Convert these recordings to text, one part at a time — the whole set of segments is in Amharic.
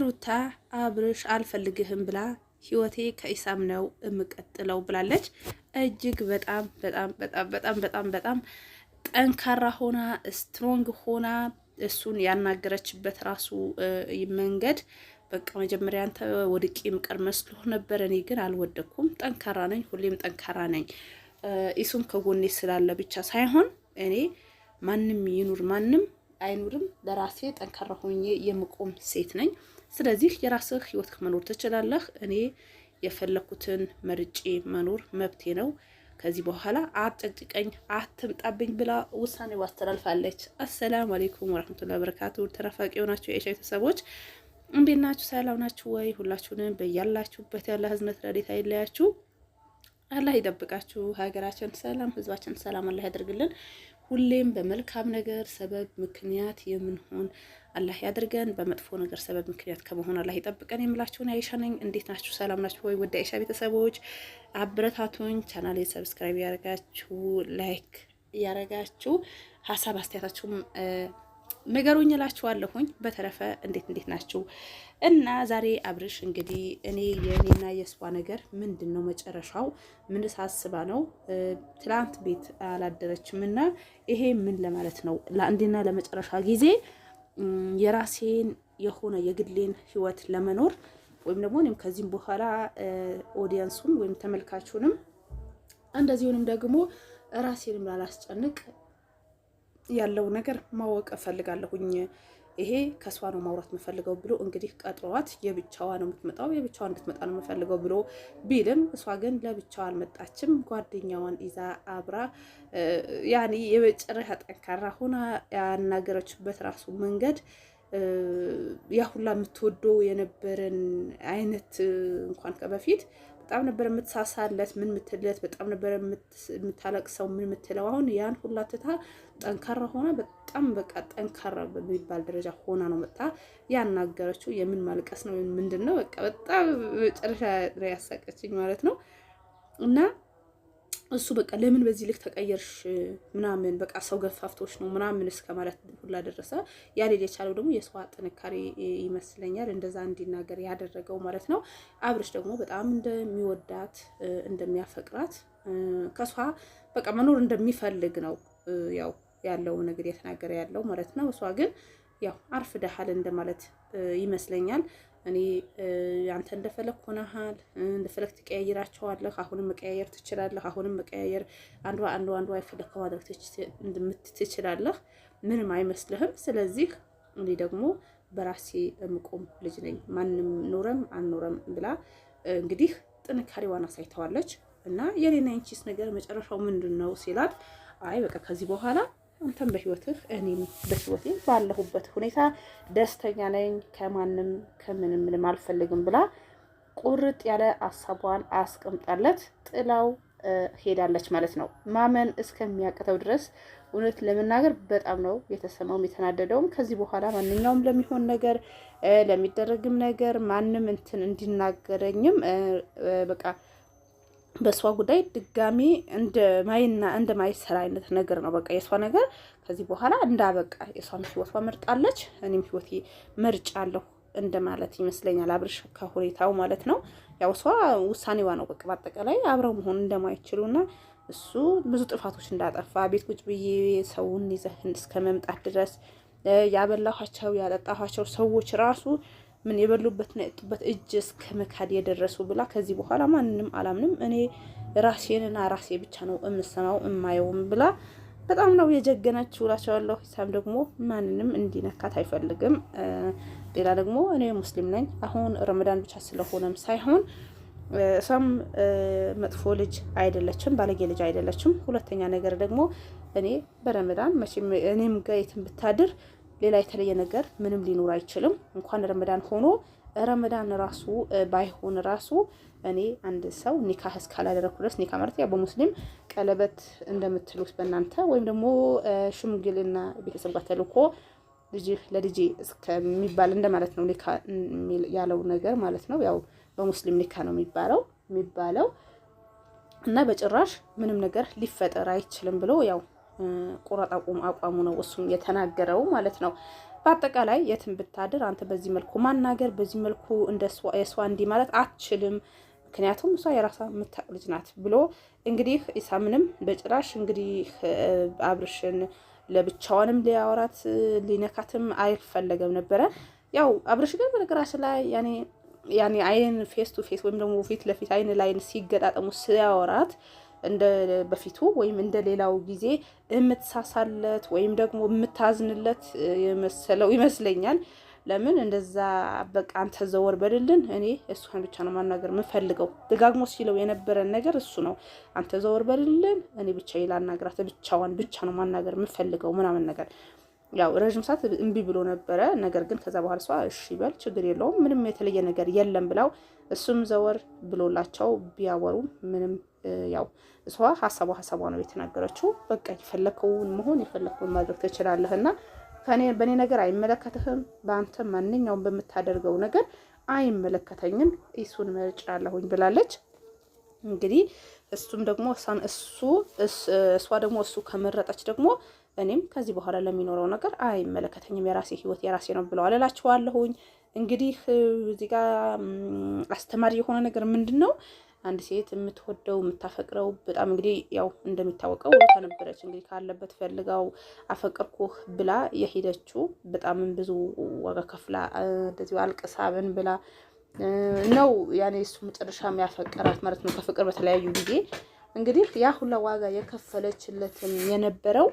ሩታ አብርሽ አልፈልግህም ብላ ህይወቴ ከኢሳም ነው የምቀጥለው ብላለች። እጅግ በጣም በጣም በጣም በጣም በጣም በጣም ጠንካራ ሆና ስትሮንግ ሆና እሱን ያናገረችበት ራሱ መንገድ በቃ መጀመሪያ አንተ ወድቄ ምቀር መስሎህ ነበር፣ እኔ ግን አልወደኩም። ጠንካራ ነኝ፣ ሁሌም ጠንካራ ነኝ። ኢሱም ከጎኔ ስላለ ብቻ ሳይሆን እኔ ማንም ይኑር ማንም አይኑርም ለራሴ ጠንካራ ሆኜ የምቆም ሴት ነኝ። ስለዚህ የራስህ ህይወት መኖር ትችላለህ። እኔ የፈለኩትን መርጬ መኖር መብቴ ነው። ከዚህ በኋላ አትጨቅጭቀኝ፣ አትምጣብኝ ብላ ውሳኔ አስተላልፋለች። አሰላሙ አሌይኩም ወረህመቱላ በረካቱ። ተናፋቂ የሆናችሁ የኢሻ ቤተሰቦች እንዴት ናችሁ? ሰላም ናችሁ ወይ? ሁላችሁንም በያላችሁበት ያለ ህዝነት ረዴት አይለያችሁ። አላህ ይጠብቃችሁ። ሀገራችን ሰላም፣ ህዝባችን ሰላም አላህ ያደርግልን። ሁሌም በመልካም ነገር ሰበብ ምክንያት የምንሆን አላህ ያድርገን። በመጥፎ ነገር ሰበብ ምክንያት ከመሆን አላህ ይጠብቀን። የምላችሁን አይሻ ነኝ። እንዴት ናችሁ? ሰላም ናችሁ ወይ? ወደ አይሻ ቤተሰቦች አብረታቱኝ። ቻናል ሰብስክራይብ ያደረጋችሁ ላይክ ያደረጋችሁ ሀሳብ አስተያየታችሁም ንገሩኝ እላችኋለሁኝ። በተረፈ እንዴት እንዴት ናችሁ? እና ዛሬ አብርሽ እንግዲህ እኔ የእኔና የእሷ ነገር ምንድን ነው መጨረሻው? ምን ሳስባ ነው? ትላንት ቤት አላደረችም እና ይሄ ምን ለማለት ነው? ለአንዴና ለመጨረሻ ጊዜ የራሴን የሆነ የግሌን ህይወት ለመኖር ወይም ደግሞ እኔም ከዚህም በኋላ ኦዲየንሱን ወይም ተመልካቹንም እንደዚሁንም ደግሞ ራሴንም ላላስጨንቅ ያለው ነገር ማወቅ እፈልጋለሁኝ። ይሄ ከሷ ነው ማውራት የምፈልገው ብሎ እንግዲህ ቀጥሯት የብቻዋ ነው የምትመጣው የብቻዋ እንድትመጣ ነው የምፈልገው ብሎ ቢልም እሷ ግን ለብቻዋ አልመጣችም። ጓደኛዋን ይዛ አብራ ያኔ የመጨረሻ ጠንካራ ሆና ያናገረችበት ራሱ መንገድ ያ ሁላ የምትወደው የነበረን አይነት እንኳን ከበፊት በጣም ነበር የምትሳሳለት ምን ምትለት በጣም ነበር የምታለቅሰው ምን ምትለው። አሁን ያን ሁላ ትታ ጠንካራ ሆና በጣም በቃ ጠንካራ በሚባል ደረጃ ሆና ነው መጣ ያናገረችው። የምን ማልቀስ ነው ምንድን ነው በቃ በጣም መጨረሻ ያሳቀችኝ ማለት ነው እና እሱ በቃ ለምን በዚህ ልክ ተቀየርሽ ምናምን በቃ ሰው ገፋፍቶች ነው ምናምን እስከ ማለት ሁላ ደረሰ። ያ የቻለው ደግሞ የሰዋ ጥንካሬ ይመስለኛል እንደዛ እንዲናገር ያደረገው ማለት ነው። አብርሽ ደግሞ በጣም እንደሚወዳት እንደሚያፈቅራት ከሷ በቃ መኖር እንደሚፈልግ ነው ያው ያለው ነገር የተናገረ ያለው ማለት ነው። እሷ ግን ያው ደሃል እንደማለት ይመስለኛል። እኔ አንተ እንደፈለግ ሆነሃል፣ እንደፈለግ ትቀያይራቸዋለህ። አሁንም መቀያየር ትችላለህ። አሁንም መቀያየር አንዷ አንዷ አንዷ የፈለግ ከማድረግ ትችላለህ። ምንም አይመስልህም። ስለዚህ እኔ ደግሞ በራሴ የምቆም ልጅ ነኝ፣ ማንም ኖረም አልኖረም ብላ እንግዲህ ጥንካሬዋን አሳይተዋለች። እና የኔና የንቺስ ነገር መጨረሻው ምንድን ነው ሲላት፣ አይ በቃ ከዚህ በኋላ አንተም በህይወትህ እኔም በህይወቴ ባለሁበት ሁኔታ ደስተኛ ነኝ፣ ከማንም ከምንም ምንም አልፈልግም ብላ ቁርጥ ያለ አሳቧን አስቀምጣለት ጥላው ሄዳለች ማለት ነው። ማመን እስከሚያቅተው ድረስ እውነት ለመናገር በጣም ነው የተሰማውም የተናደደውም። ከዚህ በኋላ ማንኛውም ለሚሆን ነገር ለሚደረግም ነገር ማንም እንትን እንዲናገረኝም በቃ በእሷ ጉዳይ ድጋሚ እንደማይና እንደማይሰራ አይነት ነገር ነው። በቃ የእሷ ነገር ከዚህ በኋላ እንዳበቃ የእሷም ህይወቷ መርጣለች፣ እኔም ህይወቴ መርጫለሁ እንደማለት ይመስለኛል። አብርሽ ከሁኔታው ማለት ነው። ያው እሷ ውሳኔዋ ነው። በቃ በአጠቃላይ አብረው መሆን እንደማይችሉና እሱ ብዙ ጥፋቶች እንዳጠፋ ቤት ቁጭ ብዬ ሰውን ይዘህ እስከ መምጣት ድረስ ያበላኋቸው ያጠጣኋቸው ሰዎች ራሱ ምን የበሉበትና የጡበት እጅ እስከ መካድ የደረሱ ብላ ከዚህ በኋላ ማንንም አላምንም እኔ ራሴንና ራሴ ብቻ ነው የምሰማው የማየውም ብላ በጣም ነው የጀገነች ውላቸዋለሁ። ሂሳም ደግሞ ማንንም እንዲነካት አይፈልግም። ሌላ ደግሞ እኔ ሙስሊም ነኝ። አሁን ረመዳን ብቻ ስለሆነም ሳይሆን እሷም መጥፎ ልጅ አይደለችም፣ ባለጌ ልጅ አይደለችም። ሁለተኛ ነገር ደግሞ እኔ በረመዳን መቼም እኔም ጋር የትም ብታድር ሌላ የተለየ ነገር ምንም ሊኖር አይችልም። እንኳን ረመዳን ሆኖ ረመዳን ራሱ ባይሆን ራሱ እኔ አንድ ሰው ኒካህ እስካላደረኩ ድረስ ኒካ ማለት ያው በሙስሊም ቀለበት እንደምትሉት በእናንተ ወይም ደግሞ ሽምግልና ቤተሰብ ጋር ተልኮ ልጅ ለልጄ እስከሚባል እንደማለት ነው። ኒካ ያለው ነገር ማለት ነው። ያው በሙስሊም ኒካ ነው የሚባለው የሚባለው እና በጭራሽ ምንም ነገር ሊፈጠር አይችልም ብሎ ያው ቁረጥ አቋሙ ነው እሱም የተናገረው ማለት ነው። በአጠቃላይ የትም ብታድር አንተ በዚህ መልኩ ማናገር በዚህ መልኩ እንደ የእሷ እንዲህ ማለት አትችልም፣ ምክንያቱም እሷ የራሷ የምታውቅ ልጅ ናት ብሎ እንግዲህ ኢሳምንም በጭራሽ እንግዲህ አብርሽን ለብቻዋንም ሊያወራት ሊነካትም አይፈለገም ነበረ። ያው አብርሽ ግን በነገራችን ላይ ያኔ ያኔ አይን ፌስ ቱ ፌስ ወይም ደግሞ ፊት ለፊት አይን ላይን ሲገጣጠሙ ሲያወራት እንደ በፊቱ ወይም እንደ ሌላው ጊዜ የምትሳሳለት ወይም ደግሞ የምታዝንለት የመሰለው ይመስለኛል። ለምን እንደዛ በቃ አንተ ዘወር በልልን፣ እኔ እሷን ብቻ ነው ማናገር የምፈልገው። ደጋግሞ ሲለው የነበረን ነገር እሱ ነው። አንተ ዘወር በልልን፣ እኔ ብቻ ላናግራት፣ ብቻዋን ብቻ ነው ማናገር የምፈልገው ምናምን ነገር ያው ረዥም ሰዓት እምቢ ብሎ ነበረ። ነገር ግን ከዛ በኋላ እሷ እሺ በል ችግር የለውም ምንም የተለየ ነገር የለም ብላው እሱም ዘወር ብሎላቸው ቢያወሩም ምንም ያው እሷ ሀሳቧ ሀሳቧ ነው የተናገረችው። በቃ የፈለከውን መሆን የፈለከውን ማድረግ ትችላለህና በእኔ ነገር አይመለከትህም። በአንተ ማንኛውም በምታደርገው ነገር አይመለከተኝም፣ እሱን መርጫለሁኝ ብላለች። እንግዲህ እሱም ደግሞ እሱ እሷ ደግሞ እሱ ከመረጠች ደግሞ እኔም ከዚህ በኋላ ለሚኖረው ነገር አይመለከተኝም፣ የራሴ ህይወት የራሴ ነው ብለዋል እላችኋለሁኝ። እንግዲህ እዚህ ጋር አስተማሪ የሆነ ነገር ምንድን ነው አንድ ሴት የምትወደው የምታፈቅረው በጣም እንግዲህ ያው እንደሚታወቀው ተነበረች እንግዲህ ካለበት ፈልጋው አፈቅርኩህ ብላ የሄደችው በጣም ብዙ ዋጋ ከፍላ እንደዚሁ አልቅሳብን ብላ ነው ያኔ እሱ መጨረሻ ያፈቀራት ማለት ነው። ከፍቅር በተለያዩ ጊዜ እንግዲህ ያ ሁላ ዋጋ የከፈለችለትን የነበረው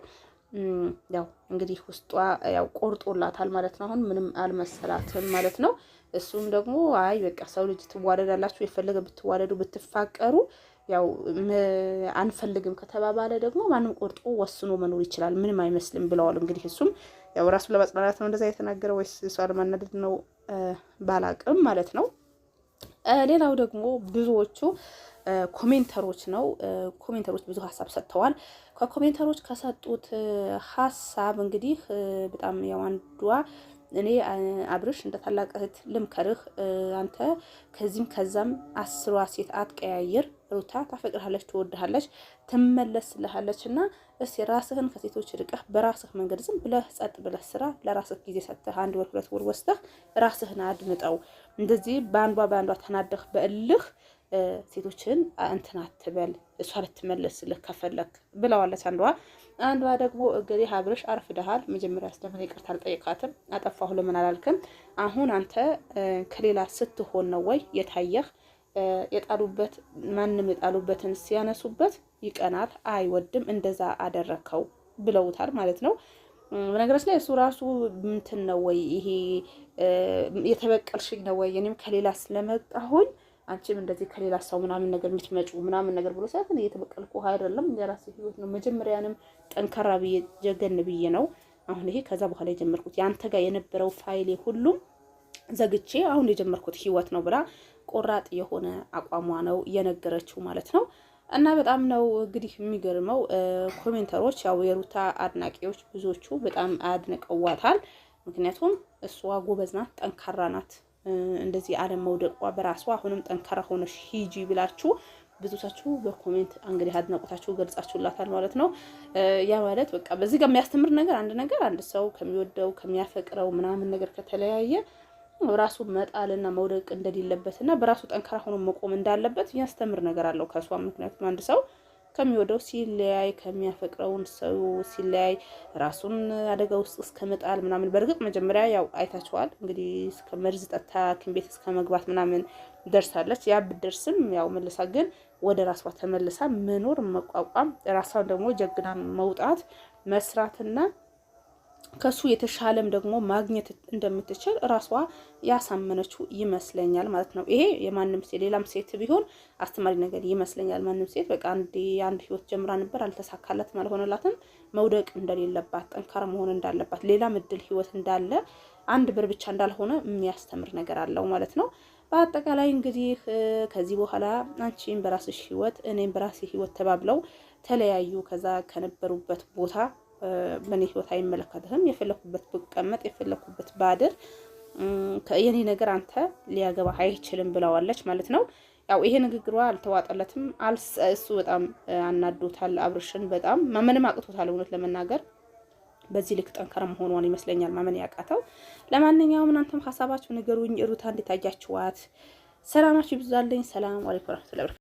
ያው እንግዲህ ውስጧ ያው ቆርጦላታል ማለት ነው። አሁን ምንም አልመሰላትም ማለት ነው። እሱም ደግሞ አይ በቃ ሰው ልጅ ትዋደዳላችሁ፣ የፈለገ ብትዋደዱ ብትፋቀሩ ያው አንፈልግም ከተባባለ ደግሞ ማንም ቆርጦ ወስኖ መኖር ይችላል፣ ምንም አይመስልም ብለዋል። እንግዲህ እሱም ያው ራሱ ለማጽናናት ነው እንደዛ የተናገረ ወይስ እሷ ለማናደድ ነው ባላቅም ማለት ነው። ሌላው ደግሞ ብዙዎቹ ኮሜንተሮች ነው። ኮሜንተሮች ብዙ ሀሳብ ሰጥተዋል። ከኮሜንተሮች ከሰጡት ሀሳብ እንግዲህ በጣም ያው አንዷ እኔ አብርሽ እንደ ታላቅ እህት ልምከርህ፣ አንተ ከዚህም ከዛም አስሯ ሴት አትቀያየር። ሩታ ታፈቅርሃለች፣ ትወድሃለች፣ ትመለስልሃለች እና እስኪ ራስህን ከሴቶች ርቀህ በራስህ መንገድ ዝም ብለህ ጸጥ ብለህ ስራ። ለራስህ ጊዜ ሰጥተህ አንድ ወር ሁለት ወር ወስደህ ራስህን አድምጠው። እንደዚህ በአንዷ በአንዷ ተናደህ በእልህ ሴቶችን እንትን አትበል እሷ ልትመለስልህ ከፈለግ ብለዋለች አንዷ። አንዷ ደግሞ እንግዲህ አብርሽ አርፍደሃል፣ መጀመሪያ ስለምን ይቅርታ አልጠየቃትም፣ አጠፋሁ ለምን አላልክም? አሁን አንተ ከሌላ ስትሆን ነው ወይ የታየህ? የጣሉበት ማንም የጣሉበትን ሲያነሱበት ይቀናል፣ አይወድም፣ እንደዛ አደረከው ብለውታል ማለት ነው። በነገራችን ላይ እሱ ራሱ ምንትን ነው ወይ ይሄ የተበቀልሽኝ ነው ወይ እኔም ከሌላ ስለመጣሁኝ አንቺም እንደዚህ ከሌላ ሰው ምናምን ነገር የምትመጪው ምናምን ነገር ብሎ ሳይሆን እየተበቀልኩ አይደለም፣ የራሴ ህይወት ነው። መጀመሪያንም ጠንከራ ብዬ ጀገን ብዬ ነው አሁን ይሄ ከዛ በኋላ የጀመርኩት ያንተ ጋር የነበረው ፋይሌ ሁሉም ዘግቼ አሁን የጀመርኩት ህይወት ነው ብላ ቆራጥ የሆነ አቋሟ ነው የነገረችው ማለት ነው። እና በጣም ነው እንግዲህ የሚገርመው ኮሜንተሮች፣ ያው የሩታ አድናቂዎች ብዙዎቹ በጣም አድንቀዋታል። ምክንያቱም እሷ ጎበዝ ናት፣ ጠንካራ ናት እንደዚህ መውደቋ በራሱ አሁንም ጠንካራ ሆነሽ ሂጂ ብላችሁ ብዙቻችሁ በኮሜንት እንግዲህ አድናቆታችሁ ገልጻችሁላታል ማለት ነው። ያ ማለት በቃ በዚህ ጋር የሚያስተምር ነገር አንድ ነገር አንድ ሰው ከሚወደው ከሚያፈቅረው ምናምን ነገር ከተለያየ ራሱ መጣልና መውደቅ እንደሌለበትና በራሱ ጠንካራ ሆኖ መቆም እንዳለበት የሚያስተምር ነገር አለው ከእሷ ምክንያቱም አንድ ሰው ከሚወደው ሲለያይ ከሚያፈቅረውን ሰው ሲለያይ ራሱን አደጋ ውስጥ እስከመጣል ምናምን። በእርግጥ መጀመሪያ ያው አይታችኋል እንግዲህ እስከ መርዝ ጠጥታ ሐኪም ቤት እስከ መግባት ምናምን ደርሳለች። ያ ብደርስም ያው መልሳ ግን ወደ ራሷ ተመልሳ መኖር መቋቋም፣ ራሷን ደግሞ ጀግና መውጣት መስራትና ከሱ የተሻለም ደግሞ ማግኘት እንደምትችል ራሷ ያሳመነችው ይመስለኛል ማለት ነው። ይሄ የማንም ሴት ሌላም ሴት ቢሆን አስተማሪ ነገር ይመስለኛል። ማንም ሴት በቃ አንድ አንድ ህይወት ጀምራ ነበር አልተሳካላትም፣ አልሆነላትም፣ መውደቅ እንደሌለባት ጠንካራ መሆን እንዳለባት፣ ሌላም እድል ህይወት እንዳለ አንድ ብር ብቻ እንዳልሆነ የሚያስተምር ነገር አለው ማለት ነው። በአጠቃላይ እንግዲህ ከዚህ በኋላ አንቺም በራስሽ ህይወት እኔም በራሴ ህይወት ተባብለው ተለያዩ። ከዛ ከነበሩበት ቦታ በእኔ ህይወት አይመለከትህም፣ የፈለኩበት ብቀመጥ የፈለኩበት ባድር የኔ ነገር አንተ ሊያገባ አይችልም ብለዋለች ማለት ነው። ያው ይሄ ንግግሯ አልተዋጠለትም። አልስ እሱ በጣም አናዶታል አብርሽን፣ በጣም ማመንም አቅቶታል እውነት ለመናገር በዚህ ልክ ጠንካራ መሆኗን ይመስለኛል ማመን ያቃተው። ለማንኛውም እናንተም ሀሳባችሁ ንገሩኝ። ሩታ እንዴት አያችኋት? ሰላማችሁ ይብዛልኝ። ሰላም አለይኩም ወረህመቱላሂ